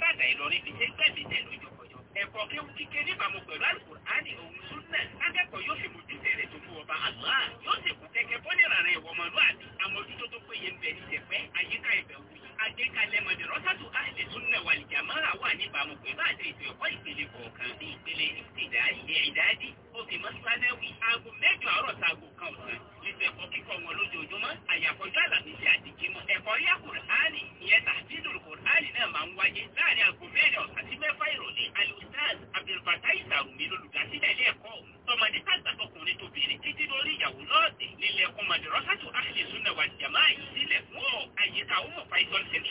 sábàdà ìlọrin fi ṣe gbẹ̀mí dẹ̀lú ìjọkọ̀jọ. ẹ̀kọ́ kéwú kíké níbàámu pẹ̀lú àlùkùránì òun súnà lákẹ́kọ̀ọ́ yóò fi mójútó rẹ̀ tó mú ọba Allah yóò sì kú kẹ́kẹ́ bọ́nìrà rẹ̀ wọ̀mọ̀lúàbí àmójútó tó péye ń bẹ ní tẹ̀pẹ́ àyíká ìbẹ̀wò àgbékalẹ̀ madrasatu ahli sunna wal jamaa wà níbàámu pé bá àti ètò ẹ̀kọ́ ìpele kọ̀ọ̀kan bí ìpele ìtìdá ilé ìdádí òfin mọ́sálẹ́wì aago mẹ́jọ àárọ̀ sago kan ọ̀sán ìfẹ̀kọ́ kíkọ́ wọn lójoojúmọ́ àyàkọ́jọ́ àlàmísì àti jímọ̀ ẹ̀kọ́ rí àkùránì ìyẹn tàbídùn kùránì náà máa ń wáyé láàrin aago mẹ́rin ọ̀sán sí mẹ́fà ìrọ̀lẹ́ alustaz abdulfatai sarumi lolùdásílẹ̀ ilé ẹ̀kọ́ tọmọdé tàgbàtọkùnrin tóbìnrin títí lórí ìyàwó lọ́ọ̀dẹ̀ nílẹ̀kùn madrasatu ahli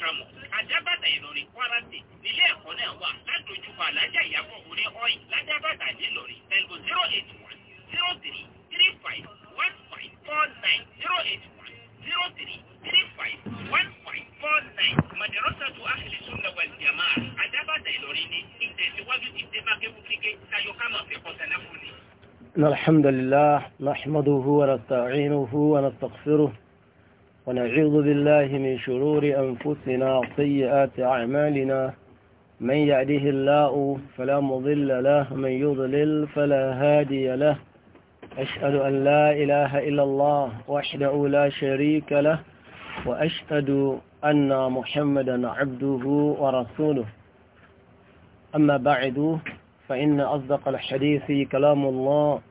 programu ajábàtà ìlọrin kwarasi nílé ẹ̀kọ́ náà wà ládojúkọ alájà ìyàbọ̀ orí ọ̀yìn lájábàtà nílọrin pẹ̀lú zero eight one zero three three five one five four nine zero eight one zero three three five one five four nine madarasatu ahli sunna wal jamaa ajábàtà ìlọrin ní ìtẹ̀síwájú ti dé mákẹ́wù kíkẹ́ káyọ̀kámọ̀ fẹ́kọ̀ sanáfù ni. الحمد لله نحمده ونستعينه ونستغفره ونعوذ بالله من شرور أنفسنا وسيئات أعمالنا من يعده الله فلا مضل له من يضلل فلا هادي له أشهد أن لا إله إلا الله وحده لا شريك له وأشهد أن محمدا عبده ورسوله أما بعد فإن أصدق الحديث كلام الله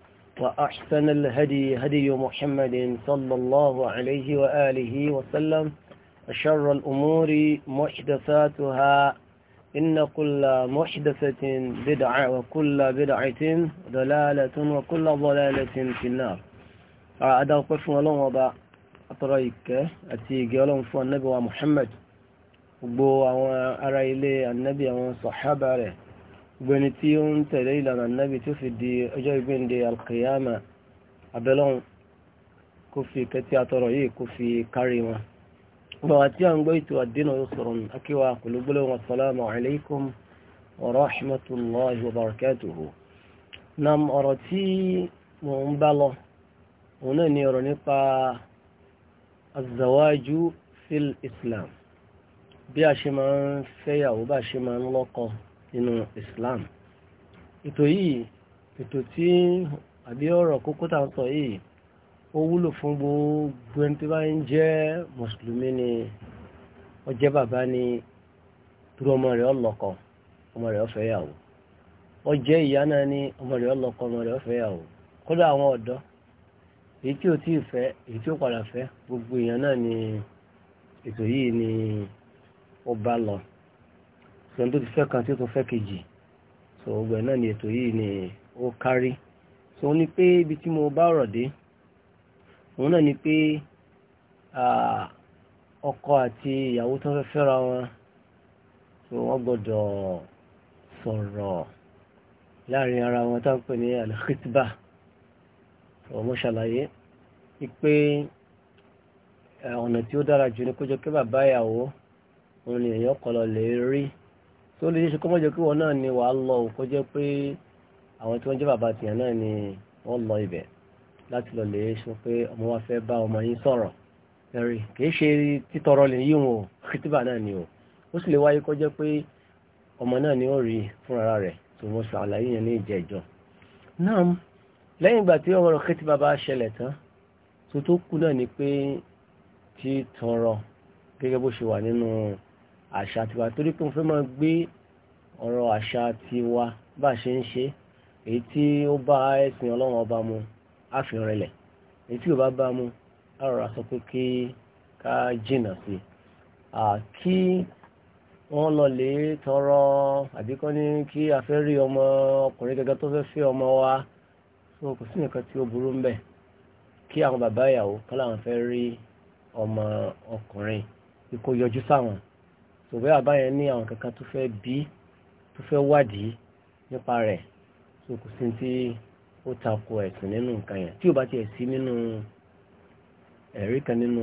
وأحسن الهدي هدي محمد صلى الله عليه وآله وسلم وشر الأمور محدثاتها إن كل محدثة بدعة وكل بدعة ضلالة وكل ضلالة في النار أدعو قفوا لهم وضع أطريك أتي لهم فوى النبي ومحمد وبو أرأي لي النبي وصحابه gbẹni tí ó ń tẹ̀lé ìlànà nábì tí ó fi di ọjọ́ ìgbéǹde alkiyama abẹ́lọ́hun kó fi kẹtí atọ́rọ̀ yìí kó fi kárí wọn gbọ́wà tí a ń gbọ́ ètò àdínà ó sọ̀rọ̀ akíwà pẹ̀lú gbọ́lọ́wọ́ assalamu alaikum wa rahmatullahi wa barakatuhu nam ọ̀rọ̀ tí mo ń bá lọ òun náà ni ọ̀rọ̀ nípa azawaju fil islam bí a ṣe máa ń fẹ́yàwó bá ṣe máa ń lọ́kọ̀ọ́ nínú Islam ètò yìí ètò tí àbí ọ̀rọ̀ kókó tá à ń sọ yìí ó wúlò fún gbogbo ẹni tí bá ń jẹ́ mùsùlùmí ni ó jẹ́ bàbá ni turu ọmọ rẹ̀ ọlọ́kọ ọmọ rẹ̀ ọ̀fẹ́ yàwó ó jẹ́ ìyá náà ni ọmọ rẹ̀ ọlọ́kọ ọmọ rẹ̀ ọ̀fẹ́ yàwó kódà àwọn ọ̀dọ́ èyí tí tí ì fẹ́ èyí tí ó padà fẹ́ gbogbo èèyàn ni ètò yìí ni ó bá sẹ́ni tó ti fẹ́ kan tí ó tún fẹ́ kejì so ọgbẹ̀ náà ni ètò yìí ni ó kárí so ní pé ibi tí mo bá ọ̀rọ̀ dé òun náà ni pé ọkọ àti ìyàwó tó fẹ́ fẹ́ra wọn so wọ́n gbọ́dọ̀ sọ̀rọ̀ láàrin ara wọn tá ń pè ní alkhitba ọmọ ṣàlàyé wípé ọ̀nà tí ó dára jù ní kó jọ pé bàbá ìyàwó òun ni èèyàn kọlọ̀ lè rí tó lè ṣe kọ́mọ́jọ kí wọn náà ni wàá lọ kó jẹ́ pé àwọn tí wọ́n jẹ́ bàbá tìyàn náà ni wọ́n lọ ibẹ̀ láti lọ lè ṣe pé ọmọ wa fẹ́ bá ọmọ yín sọ̀rọ̀ ẹ̀rí kìí ṣe títọrọ lè yíwọn o kìtìbà náà ni o ó sì lè wáyé kó jẹ́ pé ọmọ náà ni ó rí fúnra rẹ̀ tó mo sọ yẹn ní ìjẹ́jọ́ náà lẹ́yìn ìgbà tí ọmọ kìtìbà bá ṣẹlẹ̀ tán tó tó kù náà ni pé títọrọ gẹ́gẹ́ bó ṣe wà nínú àṣà tiwa torí pé mo fẹ́ máa gbé ọ̀rọ̀ àṣà tiwa bá a ṣe ń ṣe èyí tí ó bá ẹ̀sìn ọlọ́run ọba mu á fi rinlẹ̀ èyí tí ò bá bá mu á sọ pé kí ká jìnà sí kí wọ́n lọ lè tọrọ àbí ní kí a fẹ́ rí ọmọ ọkùnrin gẹ́gẹ́ tó fẹ́ fẹ́ ọmọ wa so kò sí nǹkan tí ó burú ń bẹ̀ kí àwọn bàbá ìyàwó kọ́ làwọn fẹ́ rí ọmọ ọkùnrin kó yọjú sáwọn sòbẹ́ àbáyẹn ní àwọn kankan tó fẹ́ bí tó fẹ́ wádìí nípa rẹ̀ tó kù sí tí ó tako ẹ̀sìn nínú nǹkan yẹn tí ò bá tiẹ̀ sí nínú ẹ̀rí kan nínú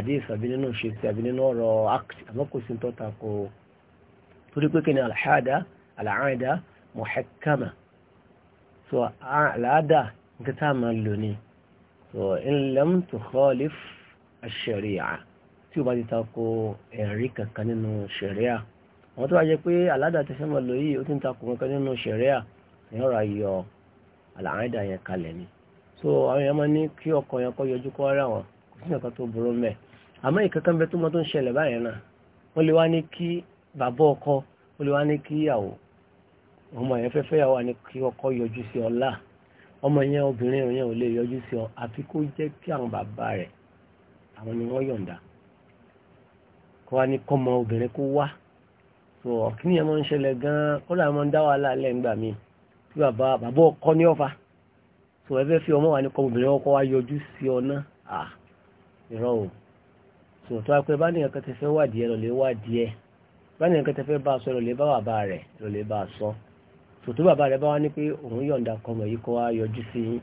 n'inu ah, àbí nínú ṣèṣì àbí nínú ọ̀rọ̀ act àmọ́ kò sí tó tako torí pé ni al'ada muhakkama so al'ada nǹkan tá a máa so tí o bá ti ta ko ẹ̀rí kankan nínú ṣẹ̀ríà àwọn tó bá jẹ pé aládàá ti fẹ́ mọ̀ lóyè ó ti ń ta ko kankan nínú ṣẹ̀ríà èèyàn ra yọ àlàáńdà yẹn kalẹ̀ ni so àwọn èèyàn máa ní kí ọkọ yẹn kọ́ yọjú kọ́ ara wọn kò sí nǹkan tó burú mẹ́ àmọ́ ìkankan bẹ tó mọ tó ń ṣẹlẹ̀ báyẹn náà wọ́n lè wá ní kí bàbá ọkọ wọ́n lè wá ní kí ìyàwó ọmọ yẹn fẹ́ fẹ́ yàwó ni kí ọkọ yọjú sí ọlá ọmọ yẹn obìnrin yẹn ò lè yọjú sí ọ àfi kó jẹ́ kí àwọn bàbá rẹ̀ àwọn ni wọ́n yọ̀ǹda kó wá ní kọ́mọ obìnrin kó wá so ọ̀kíní ẹ̀ máa ń ṣẹlẹ̀ gan-an kọ́lá ẹ̀ máa ń dá wàhálà lẹ́ǹgbà mi tí bàbá bàbá ọkọ ní ọ̀fà so ẹ fẹ́ fi ọmọ wà ní kọ́mọ obìnrin ọkọ wá yọjú sí ọ náà à irọ́ o so tó a pé bá nìyẹn kan ti fẹ́ wádìí ẹ lọ́lẹ́ wádìí ẹ bá nìyẹn kan fẹ́ bá a sọ lọ́lẹ́ bá bàbá rẹ̀ lọ́lẹ́ bá a sọ so tó bàbá rẹ̀ bá wá ní pé òun yọ̀ǹda kọ́mọ yìí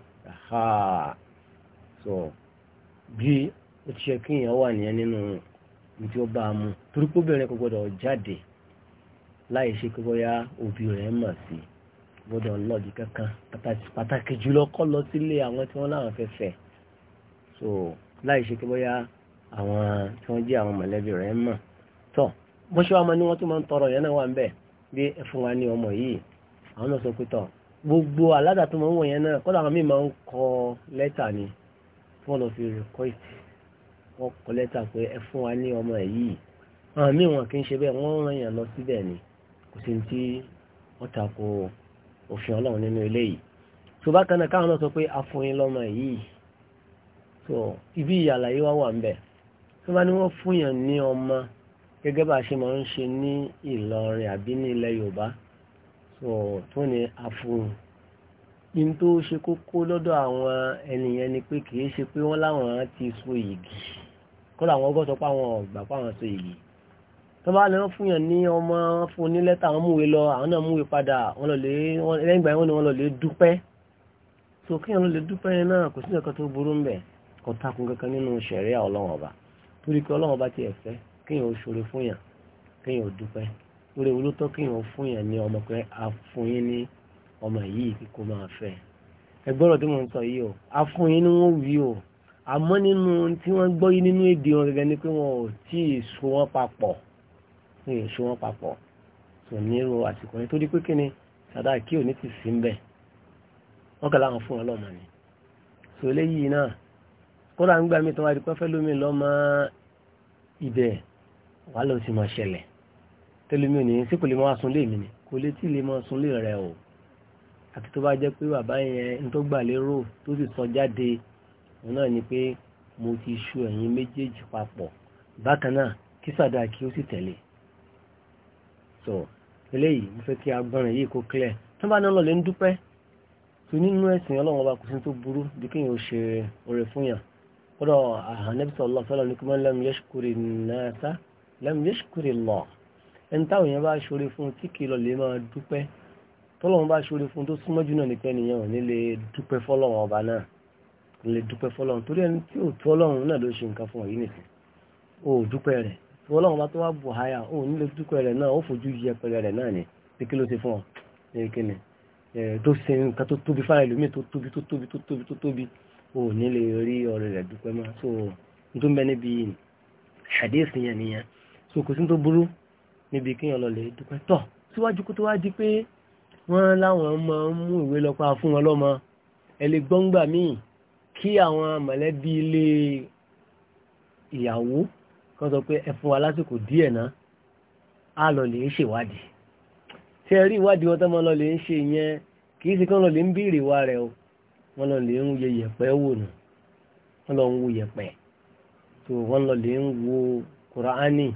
so bí ó ti ṣe kí ìdí ọba mu torí pé obìnrin kò gbọdọ̀ jáde láì ṣe pé bóyá òbí rẹ̀ mọ̀ sí gbọdọ̀ lọ́ọ̀dì kankan pàtàkì jùlọ kọ́ lọ sílé àwọn tí wọ́n láwọn fẹ́ fẹ́ so láì ṣe pé bóyá àwọn tí wọ́n jẹ́ àwọn mọ̀lẹ́bí rẹ̀ mọ̀ tọ́ bó ṣe ni wọ́n tún máa ń tọrọ yẹn náà wà ń bẹ̀ bí ẹ fún wa ní ọmọ yìí àwọn náà sọ pé tọ̀ gbogbo aládàá tó máa ń wọ̀ yẹn náà kọ́dà àwọn míì máa ń kọ lẹ́tà ni tí wọ́n lọ fi rìkọ́ìtì wọ́n kọ lẹ́tà pé ẹ fún wa ní ọmọ yìí àwọn míì wọn kì í ṣe bẹ́ẹ̀ wọ́n ràn yàn lọ síbẹ̀ ni kò sí tí wọ́n ta òfin ọlọ́run nínú ilé yìí tó káwọn náà sọ pé a fún yìí tó ibi ìyàlàyé wa wà ń bẹ̀ tó bá ní wọ́n fún yàn ní ọmọ gẹ́gẹ́ bá a ṣe máa ń ṣe ní Ìlọrin àbí ní ilẹ̀ Yorùbá tó tó ní a fún tó ṣe kókó lọ́dọ̀ àwọn ènìyàn ni pé kì í ṣe pé wọ́n láwọn ti so yìgì kọ́lá àwọn ọgọ́ sọ pé àwọn ọ̀gbà fáwọn ṣe èyí tó bá lè fún yàn ní ọmọ fún ní lẹ́tà àwọn múwe lọ àwọn náà múwe padà wọn lọ lè lẹ́yìn ìgbà wọn ni wọn lọ lè dúpẹ́ so kí wọn lè dúpẹ́ yẹn náà kò sí nǹkan tó burú mbẹ̀ kò takun kankan nínú ṣẹ̀ríà ọlọ́wọ́n ọba torí pé ọlọ́wọ́n ọba ti ẹ̀ fẹ́ kí yàn ó ṣoore fún yàn kí yàn ó dúpẹ́ lórí ewu ló tọ́ kí yàn ó fún yàn ní ọmọ pé a fún ní ọmọ yìí kí máa fẹ́ ẹgbọ́rọ̀ tí mò ń sọ yìí o a fún wọ́n wí o àmọ́ nínú tí wọ́n gbọ́ yí nínú èdè wọn gẹ́gẹ́ ni pé wọn ò tí ì so wọn papọ̀ wọn ò so wọn papọ̀ tò ní irú àsìkò yẹn torí pé kí ni sàdáàkì ò ní ti sí ń bẹ̀ wọ́n kà láwọn fún wọn lọ́mọ ni tò léyìí náà kódà ń gbà mí tó wá di pé fẹ́ lómi lọ́mọ ibẹ̀ wà ló ti máa ṣẹlẹ̀ tẹ́lómi ò ní sí kò lè máa sun lé mi ni kò lè tí ì lè máa sun rẹ o àti tó bá jẹ́ pé bàbá yẹn ń tó gbà lérò tó sì sọ jáde náà ni pé mo ti ṣu ẹ̀yin méjèèjì papọ̀ bákan náà kí sàdáàkì ó sì tẹ̀lé so eléyìí mo fẹ́ kí agbọ́nrin yìí kó clear tó bá ní ọlọ́lẹ̀ ń dúpẹ́ tó nínú ẹ̀sìn ọlọ́run ọba kò sí tó burú bí kí yóò ṣe oore fún yàn kódà àhánẹ́bísọ̀ ọlọ́ sọ́lọ́ ní kí wọ́n lẹ́mu yẹ́ṣukúrì náà sá lẹ́mu yẹ́ṣukúrì lọ ẹni táwọn èèyàn bá ṣoore fún tí kì í lọ lè máa dúpẹ́ tọ́lọ́run bá ṣoore fún tó súnmọ́jú náà nípẹ́ nìyẹn ò ní lè dúpẹ́ fọ́lọ́run ọba náà lè dúpẹ́ fọ́lọ́run torí ẹni tí ò tú ọlọ́run náà ló ṣe nǹkan fún ọ yìí nìkan o ò dúpẹ́ rẹ̀ tí ọlọ́run bá tó wá bù háyà o ò dúpẹ́ rẹ̀ náà ó fojú yẹpẹrẹ rẹ̀ náà ni pé kí ló ṣe fún ọ ní kíni tó ṣe nǹkan tó tóbi fáwọn ẹlòmíì tó tóbi tó tóbi tó tóbi tó tóbi o ò nílé ọ̀rẹ́ rẹ̀ dúpẹ́ mọ́ so n tó ń bẹ níbi hadith yẹn nìyẹn so kò sí tó burú níbi kíyàn lọ lè dúpẹ́ tọ̀ síwájú kó tó wá di pé wọ́n láwọn máa ń mú ìwé lọ́pàá fún wọn ẹ lè gbọ́ngbà míì kí àwọn mọ̀lẹ́bí ilé ìyàwó kan sọ pé ẹ fún wa lásìkò díẹ̀ náà á lọ lè ṣèwádìí tí ẹ rí ìwádìí wọn tó máa lọ lè ń ṣe yẹn kì í ṣe kán lọ lè ń béèrè wa rẹ o wọn lọ lè ń wo yẹ̀pẹ̀ wò nù wọn lọ ń wo yẹ̀pẹ̀ tó wọn lọ lè ń wo kùránì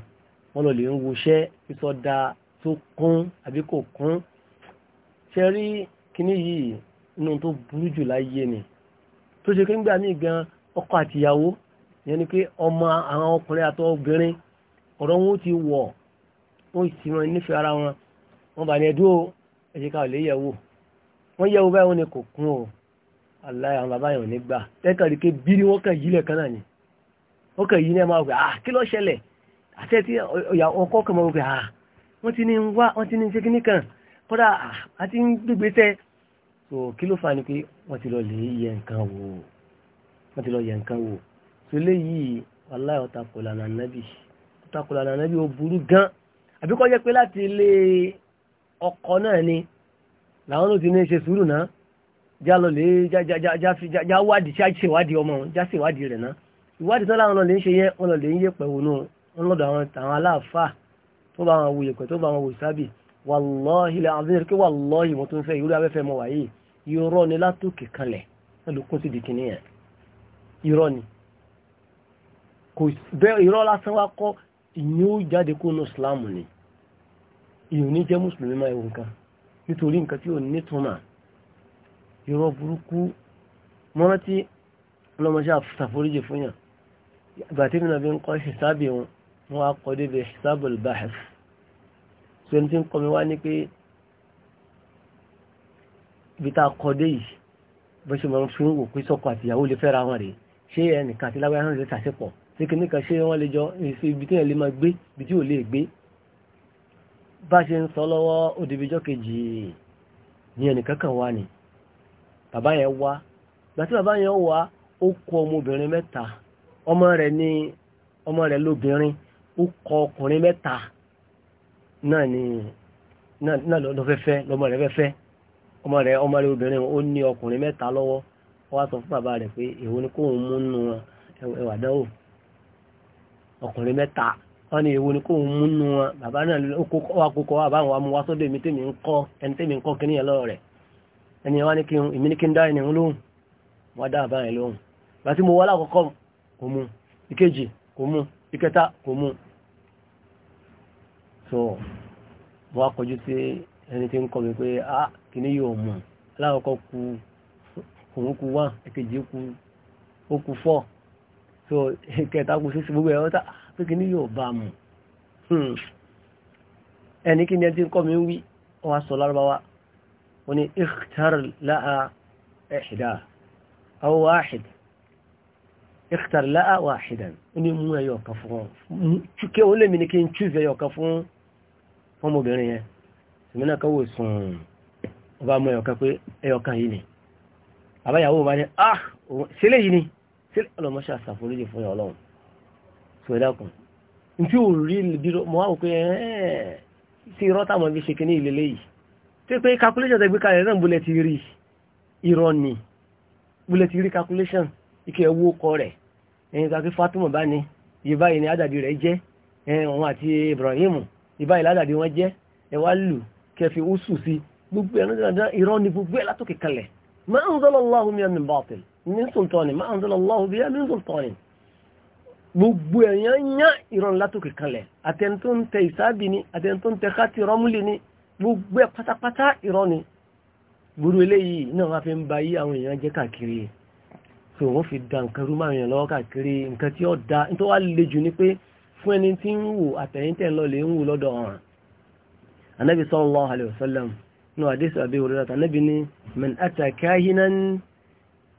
wọn lọ lè ń wo iṣẹ́ sísọdá tó kún àbí kò kún ṣe rí kíní yìí inú tó burú jù láyé ni tó ṣe kéńgbà míì gan ọkọ àtìyàwó yẹn ni pé ọmọ àwọn ọkùnrin àti obìnrin ọ̀rọ̀ wọn ti wọ̀ wọn sì wọn nífẹ̀ẹ́ ara wọn wọn bá ní ẹdúró ẹ̀jẹ̀ ká lè yẹ̀wò wọ́n yẹ̀wò báyìí wọn ni kò kún o aláì àwọn bàbá yẹn ò ní gbà tẹ́kàrí pé bírí wọn kàn yílẹ̀ kan náà ni wọ́n kàn yí ní ẹ̀ máa wọ̀ ah kí ló ṣẹlẹ̀ àti ẹ̀ ọkọ̀ kan máa wọ̀ ah wọ́n ti ní wá wọ́n ti ní ṣe kíní kan kódà àti ah, gbígbé tẹ́ so kí ló fà ní pé wọ́n ti lọ yẹ nǹkan wò wọ́n ti lọ so léyìí aláì ọ̀tà kòlànà nẹ́bì ọ̀tà kòlànà nẹ́bì ó burú gan àbí kọ́ jẹ́ pé láti ilé ọkọ náà ni làwọn ló ti ní ṣe sùúrù náà já lọ lè já wádìí já ṣèwádìí ọmọ já ṣèwádìí rẹ̀ náà ìwádìí náà làwọn lọ lè ń ṣe yẹn wọn lọ lè ń yẹpẹ̀ wò náà wọn lọ́dọ̀ àwọn aláàfáà tó bá wọn wò yẹpẹ̀ tó bá wọn wò sábì wàlọ́hì lè àbí kí wàlọ́hì mo tún fẹ́ ìrú abẹ́fẹ́ mọ̀ wáyé irọ́ ni látòkè kanlẹ̀ ẹlòkún sí dìkì nìyẹn irọ́ ni kò bẹ́ irọ́ lásán wá kọ́ ìyún ó jáde kó nu islam ni ìyún ní jẹ́ mùsùlùmí máa ewu nǹkan nítorí nǹkan tí ò ní túmọ̀ irọ́ burúkú mọ́rántí ọlọ́mọṣẹ́ àforíjì fún yàn mi náà fi ń kọ́ ìṣèṣábì wọn wọn á kọ́ débi ìṣèṣábì so ní tí ń kọ́ mi wá ní pé ibi tá a kọ́ dé yìí bó ṣe máa ń fi ń wò pé sọ́kọ àti ìyàwó lè fẹ́ra wọn rèé ṣé ẹnìkan àti lágbára náà lè ṣàṣepọ̀ ṣé kí nìkan ṣé wọ́n lè jọ ibi tí yẹn lè máa gbé ibi tí ò lè gbé bá ṣe ń sọ lọ́wọ́ òdìbíjọ́ kejì ní ẹnìkan kan wá ni bàbá yẹn wá gbàtí bàbá yẹn wá ó kọ ọmọbìnrin mẹ́ta ọmọ rẹ̀ ní ọmọ rẹ̀ lóbìnrin ó kọ ọkùnrin mẹ́ta náà ni náà lọ fẹ́fẹ́ lọmọ rẹ̀ fẹ́fẹ́ ọmọ rẹ̀ ọmọ rẹ̀ obìnrin ó ní ọkùnrin mẹ́ta lọ́wọ́ ó wá sọ fún bàbá rẹ̀ pé èwo ni kóun mú nù wọn ẹwà dánwò ọkùnrin mẹ́ta wọn ni èwo ni kóun mú nù wọn bàbá náà wà kókó wà báwọn wà mú wá sọ́dọ̀ èmi tèmi ń kọ́ ẹni tèmi ń kí nìyẹn lọ́rọ̀ rẹ̀ ẹni wá ní kí èmi ní kí n dá ẹni lóhùn wá dá bàbá yẹn lóhùn gbàtí mo wá so mo wá kọjú sí ẹni tí ń kọ́ mi pé a ah, kìíní yóò mọ̀ aláwọ̀kọ́ ku òun ku wá èkejì ku ó ku fọ́ so kẹta ku sísè gbogbo ẹ̀ ọ́ta ah, pé kìíní yóò bá mu hmm. ẹni kí ni ẹni tí ń kọ́ mi ń wí ọ wá sọ lárúbáwá ó ní ikhtar láha ẹ̀ṣìdá àwọn wáhìdì ikhtar láha wáhìdà ó wọ́n mú obìnrin yẹn sìmínà kan wò sùn ó bá mú ẹyọkan pé ẹyọkan yìí ni àbáyàwó bá ní ah sílé yìí ni sílé ọlọmọṣẹ àṣàforíjì fún yà Ọlọ́run tó ẹ dákun ntí ò rí bírọ mọ àwọn pé ẹ irọ́ táwọn fi ṣe kí ní ìlélẹ́ yìí tí pé calculation tẹgbẹ́ kalẹ̀ náà bó lẹ ti rí irọ́ ni bó ti rí calculation ike ẹ̀ wó kọ rẹ̀ ẹ̀yìn kakí Fatima bá ní yìí báyìí ni ádàbí rẹ̀ jẹ́ ẹ̀ wọn àti Ibrahim ìbá ìládàdì wọn jẹ́ ẹwà lù kẹfì oṣù sí gbogbo ẹ̀rọ dáadáa irọ́ ni gbogbo ẹ̀ látòkè kalẹ̀ ma anzalallahu biha min batil min sultani ma anzalallahu biha min sultani gbogbo ẹ̀yàn yá irọ́ látòkè kalẹ̀ àtẹ̀ntó ń tẹ ìsáàbì ni àtẹ̀ntó ń tẹ káàtì rọ́múlì ni gbogbo ẹ̀ pátápátá irọ́ ni gbogbo eléyìí náà wá fi ń ba yí àwọn èèyàn jẹ́ káàkiri so wọ́n fi fún ẹni tí ń wò àtẹ̀yìntẹ̀ lọ lè ń wò lọ́dọ̀ ọ̀ràn anabi sallallahu alayhi wa sallam ní àdísù àbí òrìrìta anabi ni min atakahinan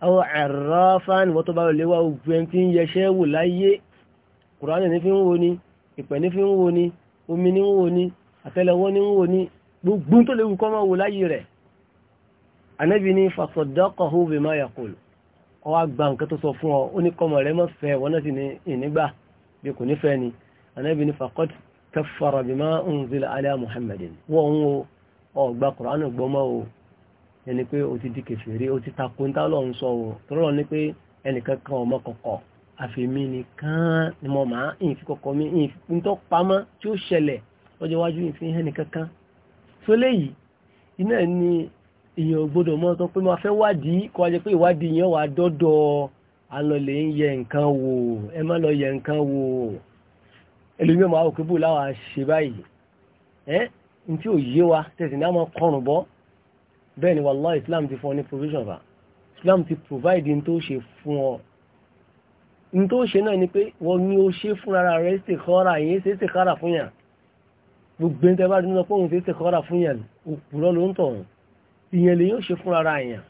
aw arrafan wọ́n tó bá lè wá ogun ẹni tí ń yẹṣẹ́ wò láyé kùránì ní fi ń wo ni ìpẹ̀ ní fi ń wo ni omi ní ń wo ni àtẹ́lẹwọ́ ní ń wo ni gbogbo tó lè wù kọ́ máa láyé rẹ̀ anabi ni fasaddaqahu bima yaqul ó wá gba ọ bí kò nífẹ̀ẹ́ ni anábì ní faqad kaffara bima unzila ala muhammadin wọ́n ń wo ọgbà kùránù gbọ́mọ́ o ẹni pé o ti di kèfèrí o ti takò ń tálọ̀ ń sọ o tọ́lọ̀ ní pé ẹnìkan kan ọmọ kọ̀kọ̀ àfèmí nìkan ni mo máa ń fi kọ̀kọ̀ mi ń tọ́ pamọ́ tí ó ṣẹlẹ̀ lọ́jọ́ iwájú ìfihàn iná ni èèyàn gbọ́dọ̀ mọ́ tọ́ pé máa fẹ́ wádìí kọ́ wájẹ́ pé ìwádìí yẹn wà dọ́dọ̀ọ́ alọ́lẹ̀ ń yẹ nǹkan wò ẹ má lọ yẹ nǹkan wò ẹlòmíràn máa òkè bù láwọn àṣẹ báyìí ẹ n tí ò yé wa tẹ̀sí ní a kọrùn bọ́ bẹ́ẹ̀ ni wàllá Islam ti fún ọ ní provision fa Islam ti provide n tó ṣe fún ọ n tó ṣe náà ni pé wọ́n ní o ṣe fúnra rẹ̀ ṣe kọ́ra yẹn ṣe ṣe kára fún yàn gbogbo ẹni tẹ́ bá dín lọ pé ṣe ṣe kọ́ra fún yàn òpùrọ̀ ló ń tọ̀ ìyẹn lè yóò ṣe fúnra yàn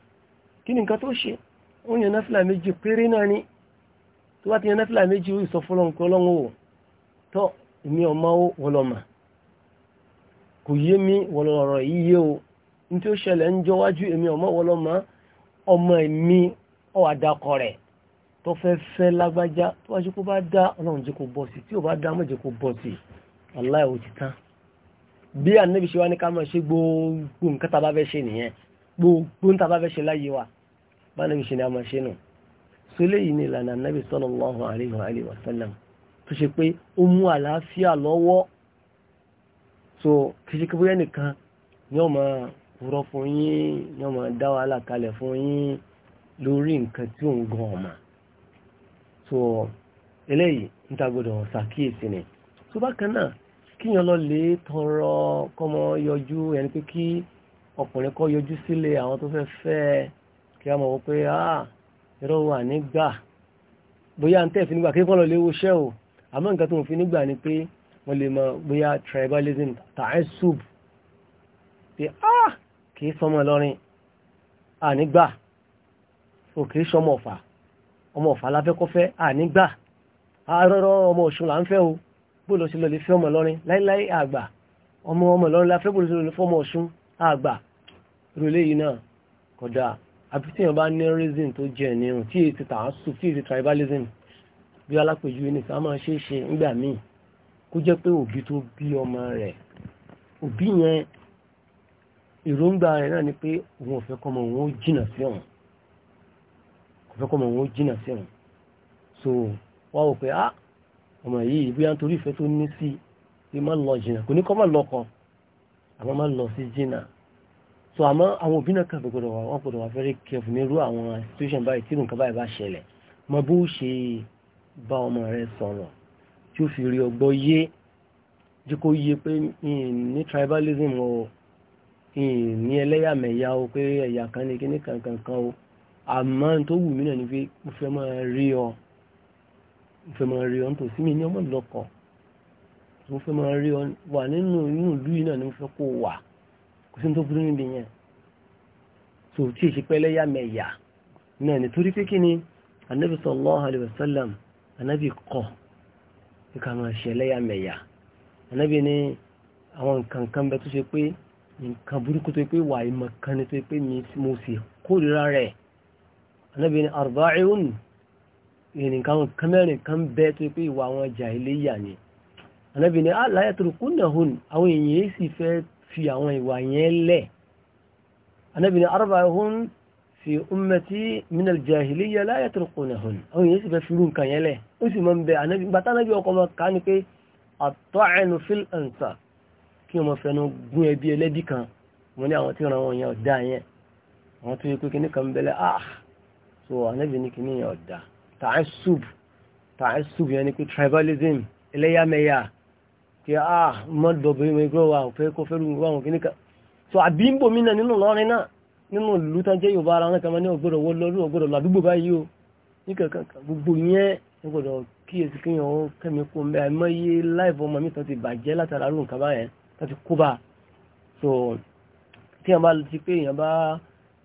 kí ni nǹkan tó ṣe ó yan náfìlà méjì péré náà ni tó bá ti yan náfìlà méjì ó ìsọfúnlọ́n kọ́ lọ́wọ́ o tọ́ èmi ọmọ ó wọlọ́mà kò yé mi wọlọ́rọ̀ yìí yé o ní tí ó ṣẹlẹ̀ ń jọ wájú èmi ọmọ wọlọ́mà ọmọ mi ọ̀ àdàkọ rẹ̀ tó fẹ́ fẹ́ lágbájá tó wájú kó bá dá ọlọ́run jẹ́ kó bọ́ sí tí ò bá dá mọ́jẹ́ kó bọ́ sí aláì ò ti tán bí ànábì ṣe ní ká máa ṣe gbogbo nǹkan tá a bá fẹ́ ṣe nìyẹn gbogbo nǹkan tá a bá fẹ́ ṣe láyé wa bá nàbí ṣe ní a máa ṣe nù so léyìí ni ìlànà nàbí sallallahu alaihi wa sallam tó ṣe pé ó mú àlàáfíà lọ́wọ́ so kìí ṣe kí bóyá nìkan ni ó máa purọ́ fún yín ni ó máa dá wàhálà kalẹ̀ fún yín lórí nǹkan tí so eléyìí níta gbọdọ̀ ṣàkíyèsí ni tó bákan náà kíyàn lọ lè tọrọ kọmọ yọjú ẹni pé kí ọkùnrin kọ yọjú sílé àwọn tó fẹ́ fẹ́ ẹ kí a mọ̀ wọ́n pé ah irọ́ wà nígbà bóyá ń tẹ́ẹ̀fì nígbà kí kọ́ lọ léwu ṣẹ́ o àmọ́ nǹkan tó ń fi nígbà ni pé wọ́n lè mọ bóyá tribalism ta'assub pé ah kì í sọmọ lọ́rin à nígbà o kì í sọmọ ọ̀fà ọmọ ọ̀fà láfẹ́kọ́fẹ́ à nígbà arọ́rọ́ ọmọ ọ̀ṣun là ń fẹ́ o bóòlù sí lọ fẹ́ ọmọ lọ́rin láíláí àgbà ọmọ ọmọ lọ́rin láfẹ́ bóòlù lọ lè fẹ́ ọmọ ọ̀ṣun àgbà ìrọ̀lẹ́ yìí náà kódà àbí tí èèyàn bá ní reason tó jẹ́ ní ohun tí èsì tààsù tí èsì tribalism bí alápèjúwe ní sáà máa ṣe é ṣe ńgbà míì kó jẹ́ pé òbí tó bí ọmọ rẹ̀ òbí yẹn èròǹgbà rẹ̀ náà ni pé òun ò fẹ́ kọ́mọ òun ó jìnà sí ọ̀hún kò fẹ́ kọ́mọ òun ó jìnà sí ọ̀hún so wá wò pé ah ọmọ yìí bóyá nítorí ìfẹ́ tó ní sí pé má lọ jìnà kò ní kọ́ má lọ kọ àmọ́ má lọ sí jìnà so àmọ́ àwọn òbí náà kàn gbọdọ̀ wà wọ́n gbọdọ̀ wà very careful nírú àwọn situation báyìí tí nǹkan báyìí bá ṣẹlẹ̀ mọ bó ṣe bá ọmọ rẹ sọ̀rọ̀ tí ó fi rí ọgbọ́ yé jẹ́ kó yé pé ní tribalism o ní ẹlẹ́yàmẹ̀yà o pé ẹ̀yà kan ní kíní kankan kan o àmọ́ tó wù mí náà ni pé mo fẹ́ máa rí ọ mo fẹ́ máa rí ọ nítòsí mi ní ọmọ ìlọ́kọ̀ mo fẹ́ máa rí ọ wà nínú ìlú yìí náà ni mo fẹ́ kó wà kò tó burú níbi yẹn so tí ì ṣe pẹ́lẹ́ yá mẹ́yà náà nítorí pé kí ni anábì sallallahu alaihi wasallam anábì kọ̀ kí ká máa ṣe lẹ́yà mẹ́yà anábì ní àwọn nǹkan kan bẹ tó ṣe pé nǹkan burúkú tó pé wà ìmọ̀ kan ní tó pé mo sì kórìíra rẹ̀ anábì ní arba'un nǹkan kan mẹ́rin kan bẹ tó pé ìwà àwọn jàhílíyà ni anábì ní la yatrukunahun àwọn èèyàn sì fẹ́ fi àwọn ìwà yẹn lẹ̀ anábì ní arba'un fi ummati minal jahiliya la yatrukunahun àwọn èèyàn sì fẹ́ fi irú nǹkan yẹn lẹ̀ ó sì máa ń bẹ anábì bàtà anábì ọkọ̀ ọmọ kan ni pé at-ta'nu fil ansab kí wọ́n fẹnu gún ẹbí ẹlẹ́bí kan wọ́n ní àwọn tí ràn wọ́n yẹn ọ̀dá yẹn àwọn tó yẹ pé kí ní kan bẹ̀lẹ̀ ah so anábì ní kí ní yẹn ọ̀dá ta'asub ta'asub yẹn ni pé tribalism ẹlẹ́yàmẹ̀yà pé a mọ́ dọ̀bìnrin mi gbọ́ wa òfẹ́ kó fẹ́rù wà wọn kìíní kan so àbí ń bò mí náà nínú lọ́rin náà nínú ìlú tán jẹ́ yorùbá ara wọn kan ní ọgbọ́dọ̀ wọ́n lọ́rú ọgbọ́dọ̀ làdúgbò báyìí o ní kankan gbogbo yẹn ọgbọ́dọ̀ kíyèsí kí yẹn ó kẹ́mi kó mbẹ́ àmọ́ iye láìfọ́ ọmọ mi tán ti bàjẹ́ látara rú nǹkan báyẹn tán ti kó bá so tí yẹn bá ti pé yẹn bá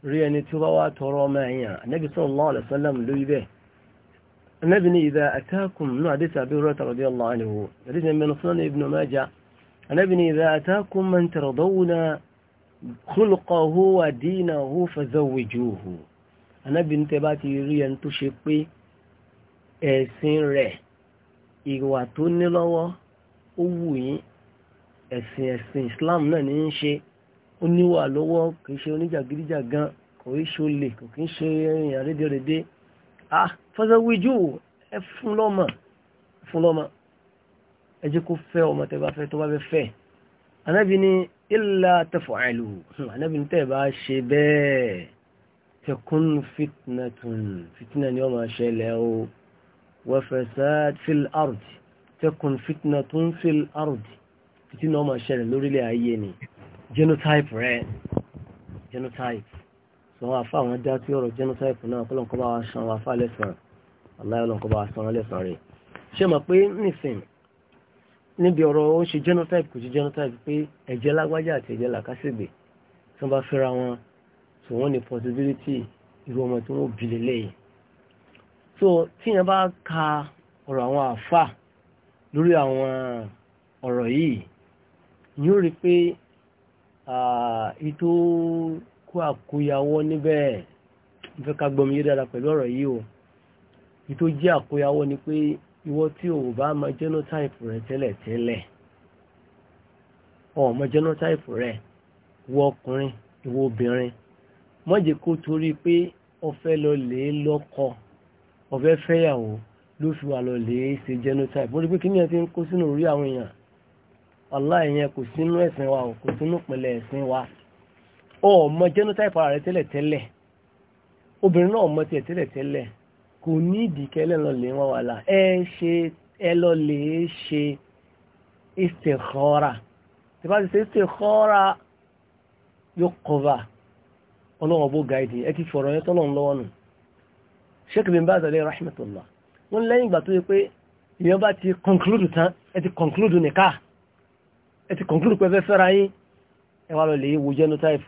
rí ẹni tí ó bá wá tọrọ ọmọ ẹ̀yàn النبي إذا أتاكم من حديث أبي هريرة رضي الله عنه حديث من سنن ابن ماجه النبي إذا أتاكم من ترضون خلقه ودينه فزوجوه النبي tẹ́ bá ti rí ẹni tó ṣe pé ẹ̀sìn rẹ̀ ìwà tó ní lọ́wọ́ ó wù yín ẹ̀sìn ẹ̀sìn Islam náà ní í ṣe ó níwà lọ́wọ́ kìí ṣe oníjàgídíjàgan kò í ṣe olè kò kìí ṣe èèyàn rédèrèdè ah fọ́sẹ̀wíjú ẹ fún lọ́mọ fún lọ́mọ ẹ jẹ́ kó fẹ́ ọmọ tẹ́ bá fẹ́ tó bá fẹ́ fẹ́ anábì ní illa taf'alu anábì ní tẹ́ bá ṣe bẹ́ẹ̀ takun fitnatun fitna ni ó máa ṣẹlẹ̀ o wa fasad fil ard takun fitnatun fil ard fitna ó ṣẹlẹ̀ lórílẹ̀ ayé ni genotype rẹ genotype àwọn afá àwọn dá sí ọ̀rọ̀ genocide náà kọ́lọ́n kọ́ bá wa san àwọn afá lẹ́sàn-án aláyọ̀lọ́n kọ́ bá wa san lẹ́sàn-án rẹ̀ ṣé mọ̀ pé nìsín níbi ọ̀rọ̀ ó ṣe genotype kò ṣe genotype pé ẹ̀jẹ̀ lágbájá àti ẹ̀jẹ̀ làkásìgbè tí wọ́n bá fẹ́ra wọn tí wọ́n ní possibility irú ọmọ tí wọ́n bí lélẹ́yìn so tí yẹn bá ka ọ̀rọ̀ àwọn àfà lórí àwọn ọ̀rọ̀ yìí yóò rí pé ètò kó àkóyawọ́ níbẹ̀ ìfẹ́ ká gbọmí yé dára pẹ̀lú ọ̀rọ̀ yìí o ìyí tó jẹ́ àkóyawọ́ ni pé ìwọ tí o bá mọ genotype rẹ tẹ́lẹ̀ tẹ́lẹ̀ o mọ genotype rẹ wọ ọkùnrin ìwọ obìnrin má jẹ́ kó torí pé o lọ lè lọ́kọ o fẹ́yàwó ló fi wà lọ lè ṣe genotype mo rí pé kíni ẹ ti ń kó sínú orí àwọn èèyàn ọlá kò sínú ẹ̀sìn wa kò sínú pẹ̀lẹ́ ẹ̀sìn wa ọmọ genotype ara rẹ tẹ́lẹ̀tẹ́lẹ̀ obìnrin náà ọmọ tiẹ̀ tẹ́lẹ̀tẹ́lẹ̀ kò ní ìdíkẹ́ lẹ́lọ́lẹ̀ wọn wà láà ẹ ṣe ẹ lọ lè ṣe istikhara tí bá ti ṣe istikhara yóò kọ́va ọlọ́wọ́ bó gáìdì ẹ ti fọ̀rọ̀ yẹn tọ́lọ́ lọ́wọ́ nù Sheikh bin Baz alayhi rahmatullah wọ́n lẹ́yìn ìgbà tó yẹ pé ìyẹn bá ti conclude tán ẹ ti conclude nìka ẹ ti conclude pé fẹ́ fẹ́ra yín ẹ wá lọ lè wo genotype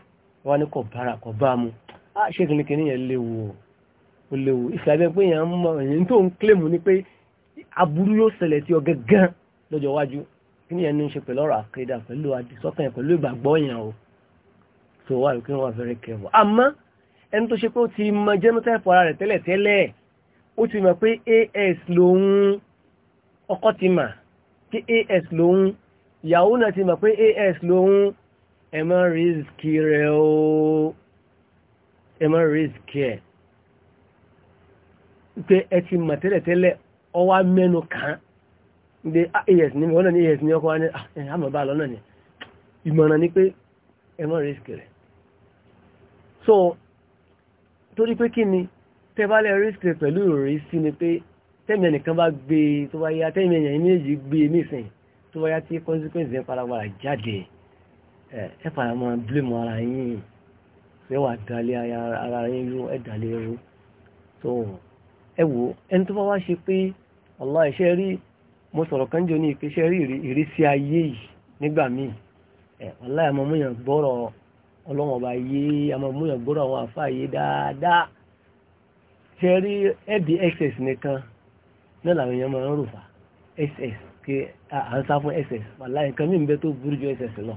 wọ́n ní kò bára kò bá mu ah, ṣé kìíní kìíní yẹn léwu o léwu ìfẹ́ pé yẹn mọ èyí tó ń kílèmù ni pé aburú yóò ṣẹlẹ̀ tí ọ gẹ́gán lọ́jọ́ iwájú kìíní yẹn ní í ṣe pẹ̀lú ọ̀rọ̀ àkéda pẹ̀lú àdìsọ́kàn yẹn pẹ̀lú ìgbàgbọ́ yẹn o tó wà lókè wọn fẹ́rẹ́ kẹwọ́ àmọ́ ẹni tó ṣe pé ó ti mọ genotype ara rẹ̀ tẹ́lẹ̀ tẹ́lẹ̀ ó ti mọ̀ pé as lòun ọkọ ti mà pé as lòun ìyàwó náà ti mọ̀ pé as lòun ẹ má rízkì rẹ̀ o ẹ má rízkì ẹ̀ pé ẹ ti mọ̀ tẹ́lẹ̀tẹ́lẹ̀ ọwá mẹ́nu kàn de as ah, ní ọ̀nà ní as ah, ní ọkọ̀ wá ní àmọ̀bá lọ́nà ni ìmọ̀ràn ni pé ẹ rízkì rẹ̀ so torí pé kí ni tẹ́bálẹ̀ rízkì rẹ̀ pẹ̀lú ìrísí ni pé tẹ́mìyàn nìkan bá gbé tó bá yá tẹ́mìyàn méjì gbé nísìn tó bá yá tí consequence yẹn paragbára jáde ẹ padà máa blame ara yín ẹ wà dalẹ̀ ara yín rú ẹ dalẹ̀ rú tó ẹ wò ẹni tó bá wá ṣe pé ọ̀la iṣẹ́ rí mo sọ̀rọ̀ kan jọ ní ìpèsè rí ìrísí ayé yìí nígbà míì ẹ ọ̀la ẹ̀ máa múyàn gbọ́rọ̀ ọlọ́wọ́n bá yé ẹ̀ máa múyàn gbọ́rọ̀ àwọn àfa yé dáadáa ṣe rí ẹ̀dì excess nìkan náà làwọn èèyàn máa ń rò fà excess kí à ń sá fún excess ọ̀la nǹkan mí ń tó burú ju excess lọ.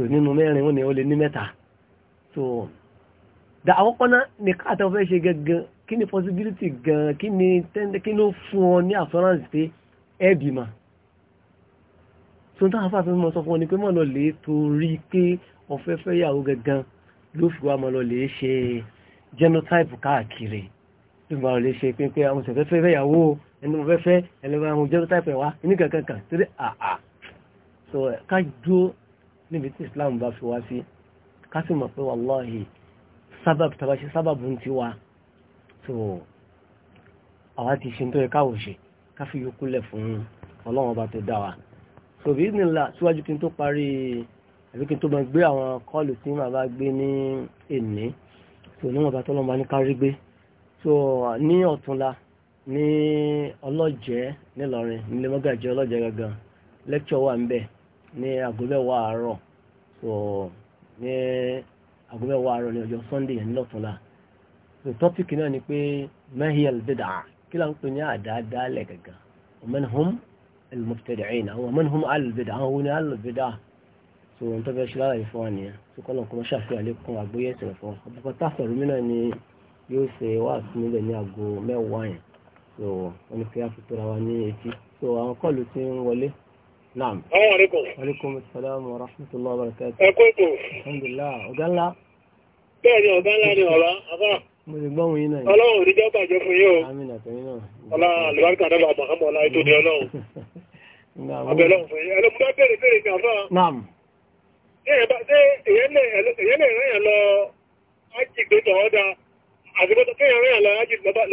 so nínú mẹ́rin wọn ni ó lè ní mẹ́ta so da àkọ́kọ́ náà ni káàtà fẹ́ ṣe gangan kí ni possibility gan kí ni tẹ́ndẹ́ kí ló fún ọ ní assurance pé ẹ bímọ so táwọn afáfẹ́ mọ sọ fún ọ ni pé mọ̀ lọ lè torí pé ọ̀fẹ́ fẹ́ yàwó gangan ló fi wá mọ lọ lè ṣe genotype káàkiri ló fi wá lọ lè ṣe pé pé àwọn ṣẹ̀fẹ́ fẹ́ yàwó ẹni mo fẹ́ fẹ́ ẹlẹ́wọ̀n àwọn genotype ẹ̀ wá ní kankan kan torí àà so ká dúró níbi tí islam bá fi wá sí ká sì mọ̀ pé wàláhì sábàbù tàbá ṣe sábàbù ń ti wá tó àwa ti ṣe ń tó yẹ káwò ṣe ká fi yókù lẹ̀ fún ọlọ́run ọba tó dá wa tòbí nílà síwájú kí n tó parí àbí kí n tó máa gbé àwọn kọ́ọ̀lù tí màá bá gbé ní èní tó níwọ̀n bá tọ́lọ́mọ ní kárí gbé tó ní ọ̀túnla ní ọlọ́jẹ́ nílọrin nílé mọ́gàjẹ́ ọlọ́jẹ́ gangan lẹ́kṣọ̀ wà ń bẹ̀ ní aago mẹ́wàá àárọ̀ so ní aago mẹ́wàá àárọ̀ ní ọjọ́ sunday yẹn so tọ́pìkì náà ni pé mahiyal bid'a kí ló ń pè ní hum hum àwọn ni so n tọ́ fẹ́ ṣe lára ìfọ́ àníyàn so kọ́nà kọ́ ṣàfihàn àlékún àgbóyè ẹ̀sìn fún ọ̀pọ̀ náà ni yóò ṣe wá sílẹ̀ ní aago mẹ́wàá yẹn so wọn ni pé Naam. Assalamu alaikum. Alaikum assalam wa rahmatullahi wa barakatuh. Ẹkọ́ ètò. Alhamdulillah, ọ̀gá ńlá. Bẹ́ẹ̀ni ọ̀gá ńlá ni ọ̀rá, afá. Mo lè gbọ́ wọ̀nyí náà. Ọlọ́run ò ní jẹ́ bàjẹ́ fún yín o. Amina tẹ̀yìn náà. Ọlá àlùbáríkà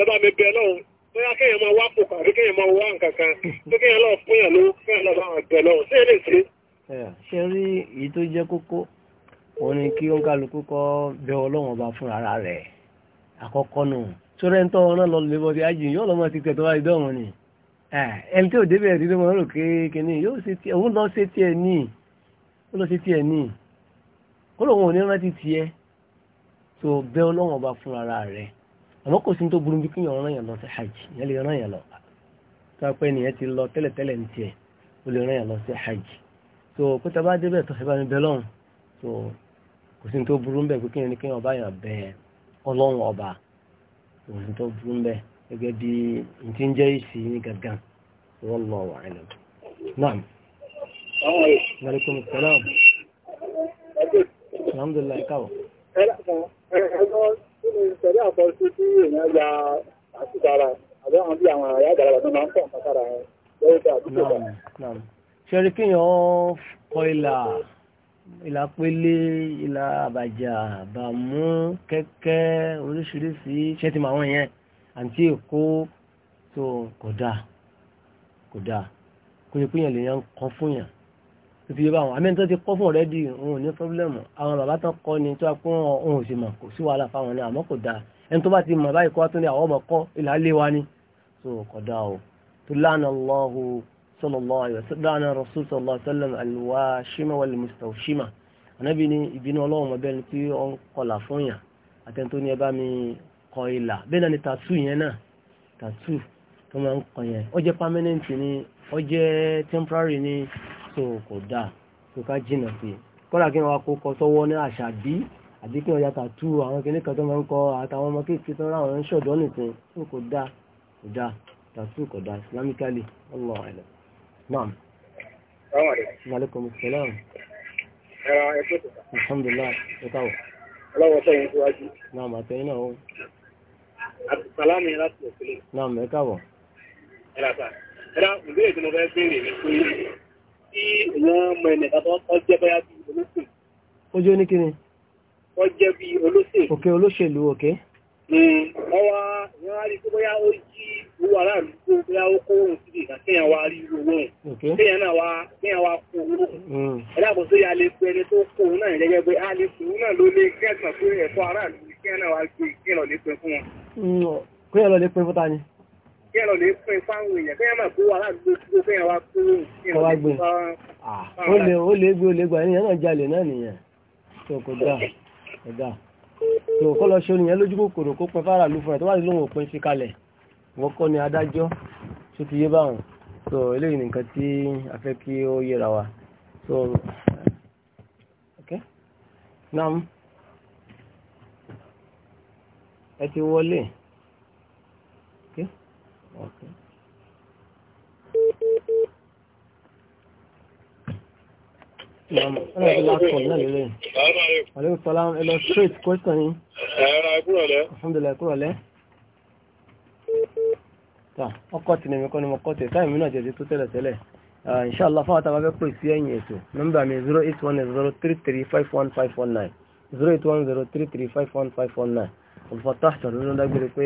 náà bóyá kéèyàn máa wá pòkà àbí kéèyàn máa wá nǹkan kan tó kéèyàn lọ fún yàn lówó kéèyàn lọ bá wọn gbẹ lọ sí èlé ṣe. ṣé rí èyí tó jẹ́ kókó òun ni kí ó ń kálukú kọ́ bẹ ọlọ́run ọba fún ara rẹ̀ àkọ́kọ́ nù sórí ẹni tó ọ̀rọ̀ náà lọ lè bọ́ bí ájì yóò lọ́mọ ti tẹ̀ tó wá idọ́ wọn ni ẹni tí ò débẹ̀ rí lọ́mọ rò kékeré yóò ṣe tiẹ̀ òun lọ ṣe tiẹ̀ ní ó lọ ṣe tiẹ̀ ní kó lóun ò ní rántí tiẹ̀ tó bẹ ọlọ́run ọba fún ara rẹ̀ àmọ́ kò sí tó burú bí kíyàn rán yàn lọ sí hajj yẹn lè rán yàn lọ tó a pé nìyẹn ti lọ tẹ́lẹ̀tẹ́lẹ̀ ní tiẹ̀ ó lè rán yàn lọ sí hajj tó kó tá a bá débẹ̀ tó ṣẹba mi bẹ lọ́hùn tó kò sí tó burú bẹ́ẹ̀ pé kíyàn ní kíyàn ọba yàn bẹ ọlọ́run ọba kò sí tó burú bẹ́ẹ̀ gẹ́gẹ́ bí n ti ń jẹ́ ìsì ní gàgàn wọ́n lọ wà ẹ̀ lọ́dún. naam. maaleykum salaam. alhamdulilayi káwọ nínú ìṣẹ̀lẹ̀ àkọsí tí èèyàn ya àtúbára àbí àwọn bí àwọn àyà àgbàlagbà tó máa ń tàn kátàrà wọn lọ́wọ́ tó àdúgbò wa. ṣẹ́rí kéèyàn kọ ìlà ìlà pélé ìlà àbàjá àbàmú kẹ́kẹ́ oríṣiríṣi ṣé ti mọ àwọn yẹn àǹtí èkó tó kò dáa kò dáa kò yẹ kéèyàn lè yàn kọ́ fún yàn fi yé báwọn àmì tó ti kọ́ fún ọ̀rẹ́dì òun ò ní pọ́blẹ́mù àwọn bàbá tán kọ́ ni tó pé òun ò sì mọ̀ kò sí wàhálà fáwọn ní àmọ́ kò dáa ẹni tó bá ti mọ̀ báyìí kọ́ tó ní àwọn ọmọ kọ́ ilà á wa ni tó kọ̀ dáa o tó lánà lọ́hù sallallahu alaihi wasallam lánà rasul sallallahu alaihi wasallam al-washima wal-mustawshima ànábì ní ìbínú ọlọ́run ọbẹ̀ ni tí ó mi kọ ilà bẹ́ẹ̀ ni tàtú yẹn náà tàtú tó máa ń kọ yẹn temporary ni so kò dáa kò ká jìnà sí kọ́lá kí wọ́n kó kọ sọ́wọ́ ní àṣà bí àbí kí wọ́n yàtà tú àwọn kìnnì kan tó máa ń kọ àtàwọn ọmọ kéèké tó ráwọn ń ṣọ̀dọ́ nìkan tó kò dáa kò dáa tàtú kò dáa islamically Allah ẹ̀lẹ̀ naam. maaleykum salaam. alhamdulilah ẹ káwọ. ọlọ́wọ́ sẹ́yìn síwájú. naam àtẹ̀yìn náà ó. àtìsálámì láti òkèlè. naam ẹ káwọ. ẹ tí wọ́n mọ ẹnìkan tó wọ́n jẹ́ bóyá bí olóṣèlú. ó jẹ́ oníkíni. wọ́n jẹ́ bí olóṣèlú. òkè olóṣèlú òkè. ọwọ́ ìyẹn wá rí pé bóyá ó jí owó aráàlú tó bóyá ó kó ohun síbi ìgbà kéèyàn wá rí owó òun. kéèyàn náà wá kéèyàn wá kó owó òun. Mm. ẹ̀dá kò sóyà lè pe ẹni tó kó òun náà gẹ́gẹ́ pé a lè fún òun náà ló lé kẹ́ẹ̀sán pé ẹ̀kọ́ aráàlú kéèyàn náà wá gbé kéèyàn kí ẹ lọ lè pín fáwọn èèyàn kí ẹ máa kó aládùúgbò ó lè ó lè gbé ó lè gbà ènìyàn náà jalè náà nìyẹn tó kò dà kò dà tó kọ́ lọ ṣe oníyẹn lójú kòkòrò kó pẹ́ fara lu fún ẹ ẹ ti wọlé. Okay. Ẹ̀rọ ìlú last one náà lélẹ̀. Àlékún sọ́lá ẹ lọ straight question yìí. Ẹ̀rọ ìkúrọ̀lẹ́. Alhamdulillah ìkúrọ̀lẹ́. Ọkọ̀ tì ní mi kọ́ ni mo kọ́ tẹ̀ táìmì náà jẹ́ tó tẹ́lẹ̀ tẹ́lẹ̀. Inshallah fún àtàwọn afẹ́ pè sí ẹ̀yìn ètò. Nọ́mbà mi 08103351519 08103351519. Olùfọ̀tà sọ̀rọ̀ ló ń dágbére pé